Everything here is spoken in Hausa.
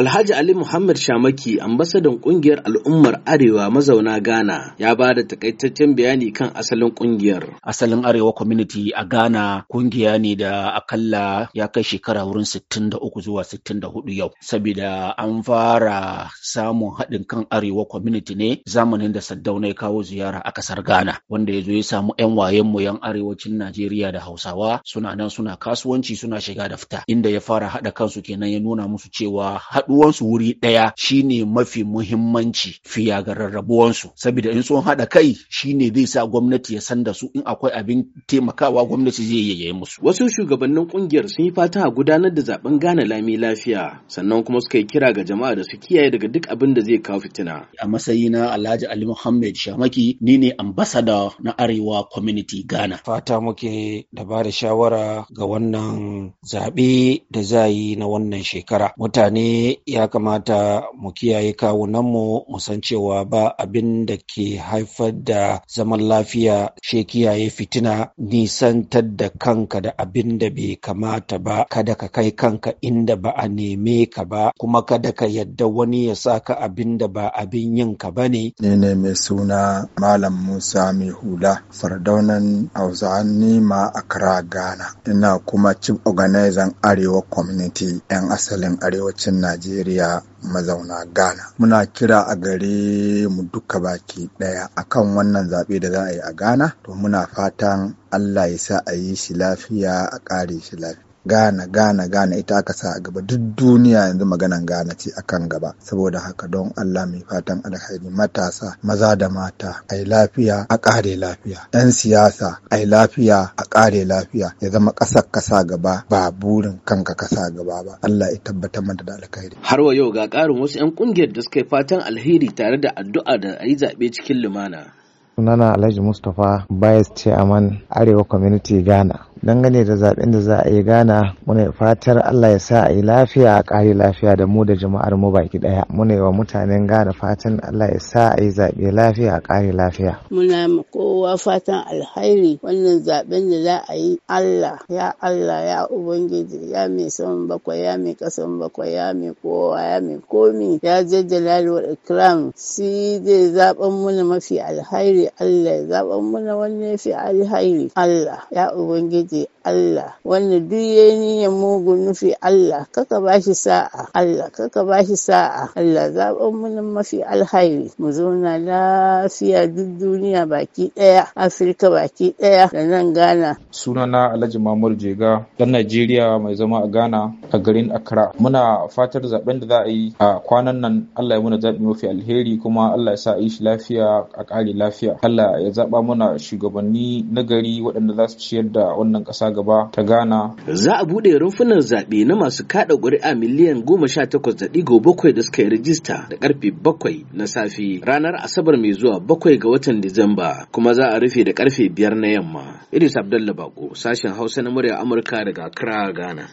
Alhaji Ali Muhammad Shamaki, ambasadan kungiyar al'ummar Arewa mazauna Ghana, ya ba da takaitaccen bayani kan asalin kungiyar. Asalin Arewa Community a Ghana kungiya ne da akalla ya kai shekara wurin 63 zuwa 64 yau. Saboda an fara samun haɗin kan Arewa Community ne zamanin da Saddauna ya kawo ziyara a ƙasar Ghana, wanda ya zo ya samu 'yan wayen mu 'yan arewacin Najeriya da Hausawa suna nan suna kasuwanci suna shiga da fita, inda ya fara haɗa kansu kenan ya nuna musu cewa su wuri ɗaya shine mafi muhimmanci fiya ga rarrabuwansu saboda in sun haɗa kai shine zai sa gwamnati ya san da su in akwai abin taimakawa gwamnati zai yi yayi musu wasu shugabannin kungiyar sun yi fata a gudanar da zaben gane lami lafiya sannan kuma suka yi kira ga jama'a da su kiyaye daga duk abin da zai kawo fitina a matsayi na Alhaji Ali Muhammad Shamaki ni ne ambassador na Arewa Community Ghana fata muke da ba da shawara ga wannan zaɓe da za yi na wannan shekara mutane ya kamata mu kiyaye kawunan mu san cewa ba abin da ke haifar da zaman lafiya she kiyaye fitina nisantar da kanka da abin da bai kamata ba kada ka kai kanka inda ba a neme ka ba kuma kada ka yadda wani ya ka abin da ba abin yin ka ba ne. Ni ne mai suna Malam Musa mai hula fardaunan Hausa'an Nima Accra Ghana ina kuma chief organizer Arewa Community 'yan asalin arewacin Najeriya. Najeriya mazauna Ghana. Muna kira a gare mu duka baki ɗaya A kan wannan zaɓe da za a yi a Ghana, to muna fatan Allah ya sa a yi shi lafiya a ƙare shi lafiya. gana gana gana ita aka sa a gaba duk duniya yanzu maganan gana ce a kan gaba saboda haka don Allah mai fatan alkhairi matasa maza da mata a yi lafiya a ƙare lafiya yan siyasa a yi lafiya a ƙare lafiya ya zama ƙasar kasa gaba ba burin kanka kasa gaba ba Allah ya tabbatar mata da alkhairi har wa yau ga ƙarin wasu 'yan ƙungiyar da suka yi fatan alheri tare da addu'a da a yi zaɓe cikin lumana sunana Alhaji Mustapha Bayes ce man Arewa Community Ghana dangane da zaɓen da za a yi gana muna fatar allah ya sa a yi lafiya a ƙari lafiya da mu da jama'ar mu baki ɗaya. muna yi wa mutanen gana fatan allah ya sa a yi zaɓe lafiya a ƙari lafiya muna ma kowa fatan alhairi wannan zaɓen da za a yi allah ya allah ya ubangiji ya mai son bakwai ya mai kasan bakwai ya mai kowa ya mai komi ya jajjala da ikram si zai zaben muna mafi alhairi allah ya zaben muna wani fi alhairi allah ya ubangiji 自己 Allah wanda duk ya niyan mugun nufi Allah kaka bashi sa'a Allah kaka bashi sa'a Allah zaɓen munin mafi alhairi mu zauna lafiya duk duniya baki ɗaya Afirka baki ɗaya da nan Ghana. na Alhaji Mamur Jega ɗan Najeriya mai zama a Ghana a garin Accra. Muna fatar zaɓen da za a yi a kwanan nan Allah ya muna zaɓi mafi alheri kuma Allah ya sa a yi shi lafiya a ƙare lafiya. Allah ya zaɓa muna shugabanni na gari waɗanda za su ciyar da wannan ƙasa gaba ta Ghana. Za a buɗe rumfunan zaɓe na masu kaɗa ƙuri'a miliyan goma sha takwas da ɗigo bakwai da suka yi rijista da ƙarfe bakwai na safe ranar Asabar mai zuwa bakwai ga watan Disamba kuma za a rufe da ƙarfe biyar na yamma. Idris Abdallah Bako sashen Hausa na murya Amurka daga Accra, Ghana.